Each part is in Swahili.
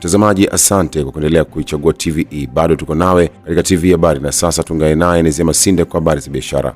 Mtazamaji, asante kwa kuendelea kuichagua TVE. Bado tuko nawe katika TV Habari, na sasa tungae naye Nizema Sinde kwa habari za biashara.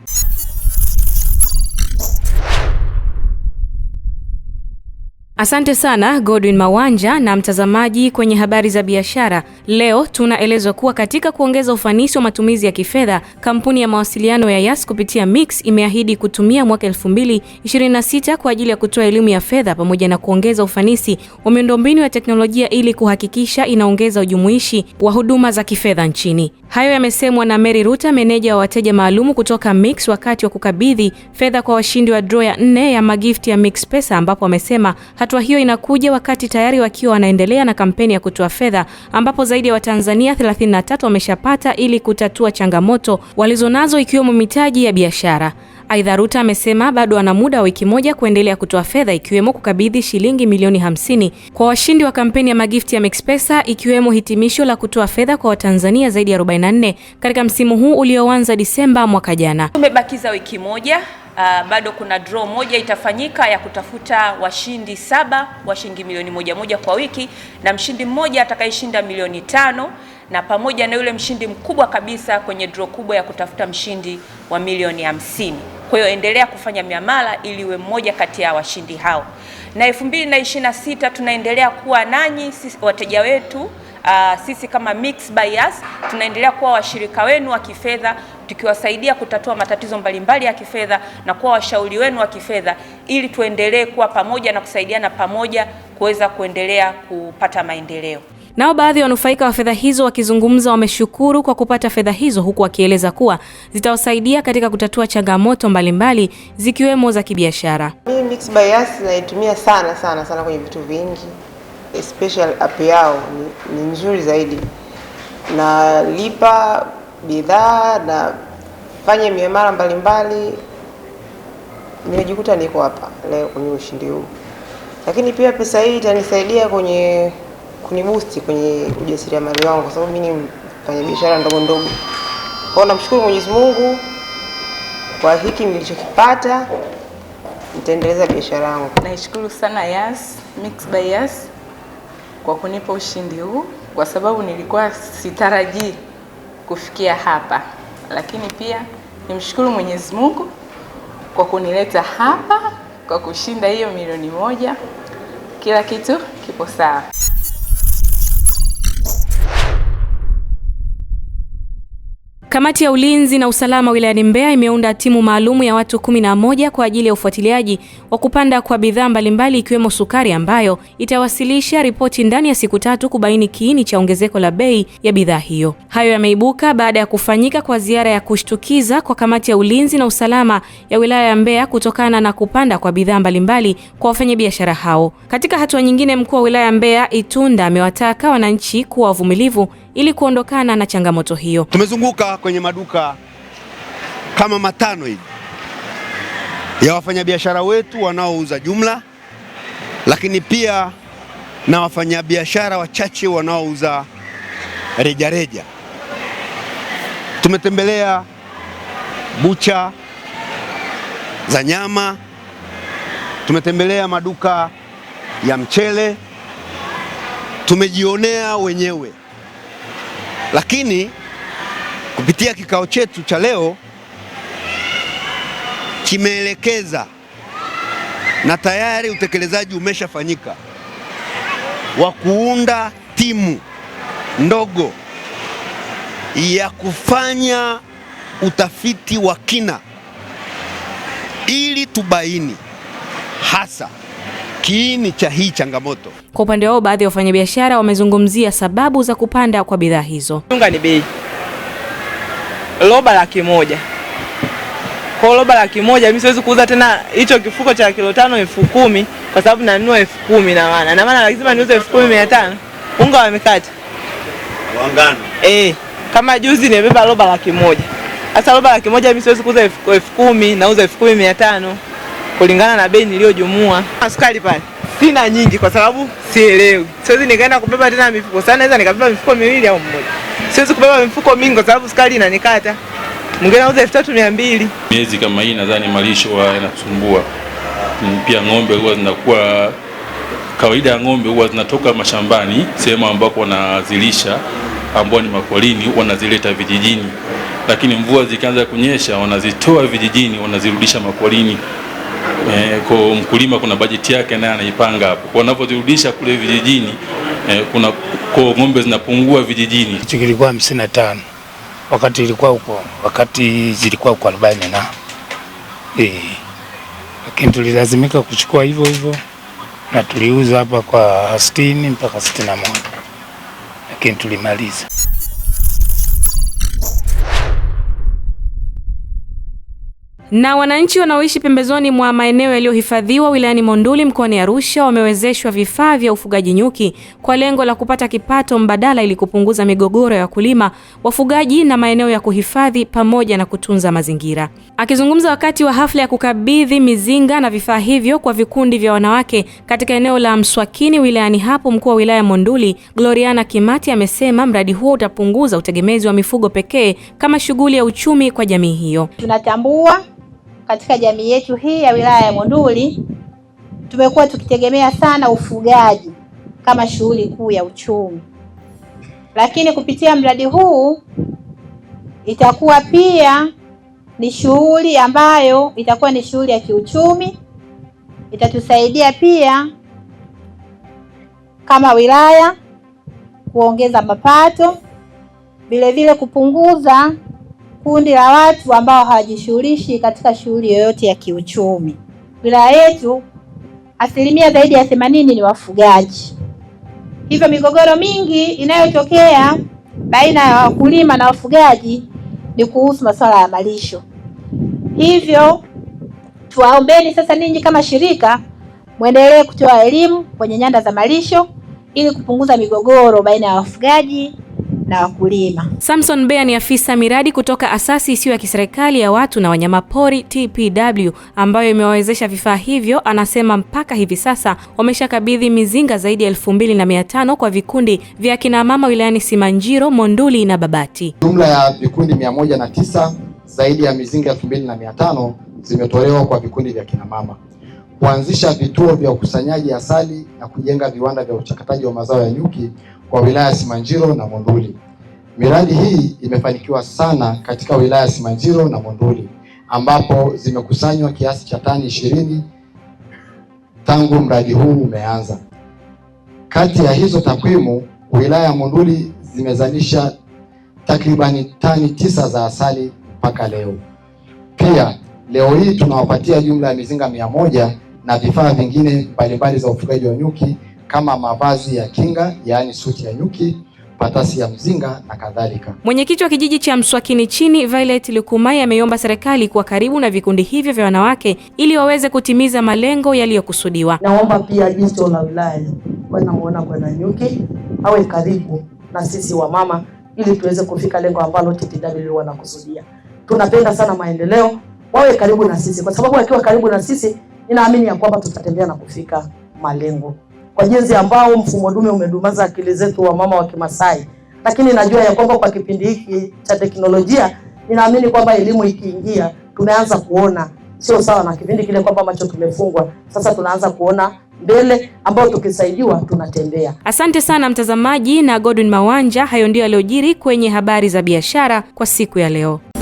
Asante sana Godwin Mawanja na mtazamaji, kwenye habari za biashara leo tunaelezwa kuwa katika kuongeza ufanisi wa matumizi ya kifedha, kampuni ya mawasiliano ya Yas kupitia Mix imeahidi kutumia mwaka 2026 kwa ajili ya kutoa elimu ya fedha pamoja na kuongeza ufanisi wa miundombinu ya teknolojia ili kuhakikisha inaongeza ujumuishi wa huduma za kifedha nchini. Hayo yamesemwa na Mary Ruta, meneja wa wateja maalumu kutoka Mix wakati wa kukabidhi fedha kwa washindi wa draw ya nne ya magifti ya Mix Pesa, ambapo amesema Hatua hiyo inakuja wakati tayari wakiwa wanaendelea na kampeni ya kutoa fedha ambapo zaidi ya Watanzania 33 wameshapata ili kutatua changamoto walizonazo ikiwemo mitaji ya biashara. Aidha, Ruta amesema bado ana muda wa wiki moja kuendelea kutoa fedha ikiwemo kukabidhi shilingi milioni hamsini kwa washindi wa kampeni ya magifti ya Mexpesa ikiwemo hitimisho la kutoa fedha kwa Watanzania zaidi ya 44 katika msimu huu ulioanza Disemba mwaka jana. Tumebakiza wiki moja. Uh, bado kuna draw moja itafanyika ya kutafuta washindi saba wa shilingi milioni moja moja kwa wiki na mshindi mmoja atakayeshinda milioni tano na pamoja na yule mshindi mkubwa kabisa kwenye draw kubwa ya kutafuta mshindi wa milioni hamsini. Kwa hiyo endelea kufanya miamala ili uwe mmoja kati ya washindi hao. Na 2026 tunaendelea kuwa nanyi sisi wateja wetu. Uh, sisi kama Mixx by tunaendelea kuwa washirika wenu wa kifedha tukiwasaidia kutatua matatizo mbalimbali ya kifedha na kuwa washauri wenu wa kifedha, ili tuendelee kuwa pamoja na kusaidiana pamoja kuweza kuendelea kupata maendeleo. Nao baadhi ya wanufaika wa fedha hizo wakizungumza wameshukuru kwa kupata fedha hizo, huku wakieleza kuwa zitawasaidia katika kutatua changamoto mbalimbali zikiwemo za kibiashara. Mimi Mix by Yas naitumia sana sana sana kwenye vitu vingi, special app yao ni, ni nzuri zaidi, nalipa bidhaa na fanye miamala mbalimbali, nimejikuta niko hapa leo kwenye ushindi huu, lakini pia pesa hii itanisaidia kwenye kunibusti kwenye ujasiriamali wangu, kwa sababu mimi ni biashara ndogo ndogo. Kwa hiyo namshukuru Mwenyezi Mungu kwa hiki nilichokipata, nitaendeleza biashara yangu. Naishukuru sana Yas Mix by Yas kwa kunipa ushindi huu, kwa sababu nilikuwa sitarajii kufikia hapa lakini pia nimshukuru Mwenyezi Mungu kwa kunileta hapa kwa kushinda hiyo milioni moja. Kila kitu kipo sawa. Kamati ya ulinzi na usalama wilayani Mbeya imeunda timu maalumu ya watu kumi na moja kwa ajili ya ufuatiliaji wa kupanda kwa bidhaa mbalimbali ikiwemo sukari ambayo itawasilisha ripoti ndani ya siku tatu kubaini kiini cha ongezeko la bei ya bidhaa hiyo. Hayo yameibuka baada ya kufanyika kwa ziara ya kushtukiza kwa kamati ya ulinzi na usalama ya wilaya ya Mbeya kutokana na kupanda kwa bidhaa mbalimbali kwa wafanyabiashara hao. Katika hatua nyingine, mkuu wa wilaya ya Mbeya Itunda amewataka wananchi kuwa wavumilivu ili kuondokana na changamoto hiyo. Tumezunguka kwenye maduka kama matano hivi ya wafanyabiashara wetu wanaouza jumla, lakini pia na wafanyabiashara wachache wanaouza rejareja. Tumetembelea bucha za nyama, tumetembelea maduka ya mchele, tumejionea wenyewe, lakini kupitia kikao chetu cha leo kimeelekeza na tayari utekelezaji umeshafanyika wa kuunda timu ndogo ya kufanya utafiti wa kina ili tubaini hasa kiini cha hii changamoto. Kwa upande wao, baadhi ya wafanyabiashara wamezungumzia sababu za kupanda kwa bidhaa hizo. Unga ni bei roba laki moja koloba laki moja mimi siwezi kuuza tena hicho kifuko cha kilo tano elfu kumi kwa sababu nanunua elfu kumi na maana na maana lazima niuze elfu kumi mia tano unga wa mikate wa ngano eh, kama juzi nimebeba roba laki moja sasa roba laki moja mimi siwezi kuuza elfu kumi nauza elfu kumi mia tano kulingana na bei niliyojumua. Ah, sukari pale sina nyingi kwa sababu sielewi, siwezi nikaenda kubeba tena mifuko sana, naweza nikabeba mifuko miwili au mmoja. Siwezi kubeba mifuko mingi kwa sababu sukari inanikata mwingine anauza elfu tatu mia mbili. Miezi kama hii nadhani malisho yanasumbua pia, ng'ombe huwa zinakuwa kawaida ya ng'ombe huwa zinatoka mashambani sehemu ambako wanazilisha ambao ni mapolini wanazileta vijijini, lakini mvua zikianza kunyesha wanazitoa vijijini wanazirudisha mapolini. E, eh, kwa mkulima kuna bajeti yake naye anaipanga hapo, wanapozirudisha kule vijijini e, kuna kwa ng'ombe zinapungua vijijini. Hicho kilikuwa hamsini na tano wakati ilikuwa huko, wakati zilikuwa huko arobaini na eh, lakini tulilazimika kuchukua hivyo hivyo na tuliuza hapa kwa sitini mpaka sitini na moja lakini tulimaliza. Na wananchi wanaoishi pembezoni mwa maeneo yaliyohifadhiwa wilayani Monduli mkoani Arusha wamewezeshwa vifaa vya ufugaji nyuki kwa lengo la kupata kipato mbadala ili kupunguza migogoro ya wakulima, wafugaji na maeneo ya kuhifadhi pamoja na kutunza mazingira. Akizungumza wakati wa hafla ya kukabidhi mizinga na vifaa hivyo kwa vikundi vya wanawake katika eneo la Mswakini wilayani hapo, mkuu wa wilaya Monduli Gloriana Kimati amesema mradi huo utapunguza utegemezi wa mifugo pekee kama shughuli ya uchumi kwa jamii hiyo. Tunatambua katika jamii yetu hii ya wilaya ya Monduli tumekuwa tukitegemea sana ufugaji kama shughuli kuu ya uchumi, lakini kupitia mradi huu itakuwa pia ni shughuli ambayo itakuwa ni shughuli ya kiuchumi, itatusaidia pia kama wilaya kuongeza mapato, vilevile kupunguza kundi la watu ambao hawajishughulishi katika shughuli yoyote ya kiuchumi. Wilaya yetu asilimia zaidi ya themanini ni wafugaji, hivyo migogoro mingi inayotokea baina ya wakulima na wafugaji ni kuhusu masuala ya malisho. Hivyo tuwaombeni sasa, ninyi kama shirika mwendelee kutoa elimu kwenye nyanda za malisho ili kupunguza migogoro baina ya wafugaji na wakulima. Samson Bea ni afisa miradi kutoka asasi isiyo ya kiserikali ya watu na wanyamapori TPW ambayo imewawezesha vifaa hivyo. Anasema mpaka hivi sasa wameshakabidhi mizinga zaidi ya elfu mbili na mia tano kwa vikundi vya kinamama wilayani Simanjiro, Monduli na Babati. Jumla ya vikundi mia moja na tisa zaidi ya mizinga elfu mbili na mia tano zimetolewa kwa vikundi vya kinamama kuanzisha vituo vya ukusanyaji asali na kujenga viwanda vya uchakataji wa mazao ya nyuki kwa wilaya ya Simanjiro na Monduli. Miradi hii imefanikiwa sana katika wilaya ya Simanjiro na Monduli ambapo zimekusanywa kiasi cha tani ishirini tangu mradi huu umeanza. Kati ya hizo takwimu, wilaya ya Monduli zimezalisha takribani tani tisa za asali mpaka leo. Pia leo hii tunawapatia jumla ya mizinga mia moja na vifaa vingine mbalimbali za ufugaji wa nyuki kama mavazi ya kinga, yaani suti ya nyuki, patasi ya mzinga na kadhalika. Mwenyekiti wa kijiji cha Mswakini Chini, Violet Lukumai, ameiomba serikali kuwa karibu na vikundi hivyo vya wanawake ili waweze kutimiza malengo yaliyokusudiwa. Naomba pia jisto la wilaya wanamuona Bwana Nyuki awe karibu na sisi wamama ili tuweze kufika lengo ambalo TPW wanakusudia. Tunapenda sana maendeleo, wawe karibu na sisi kwa sababu akiwa karibu na sisi ninaamini ya kwamba tutatembea na kufika malengo, kwa jinsi ambao mfumo dume umedumaza akili zetu wa mama wa Kimasai. Lakini najua ya kwamba kwa kipindi hiki cha teknolojia, ninaamini kwamba elimu ikiingia, tumeanza kuona sio sawa na kipindi kile kwamba macho tumefungwa. Sasa tunaanza kuona mbele ambayo tukisaidiwa tunatembea. Asante sana mtazamaji na Godwin Mawanja, hayo ndio yaliyojiri kwenye habari za biashara kwa siku ya leo.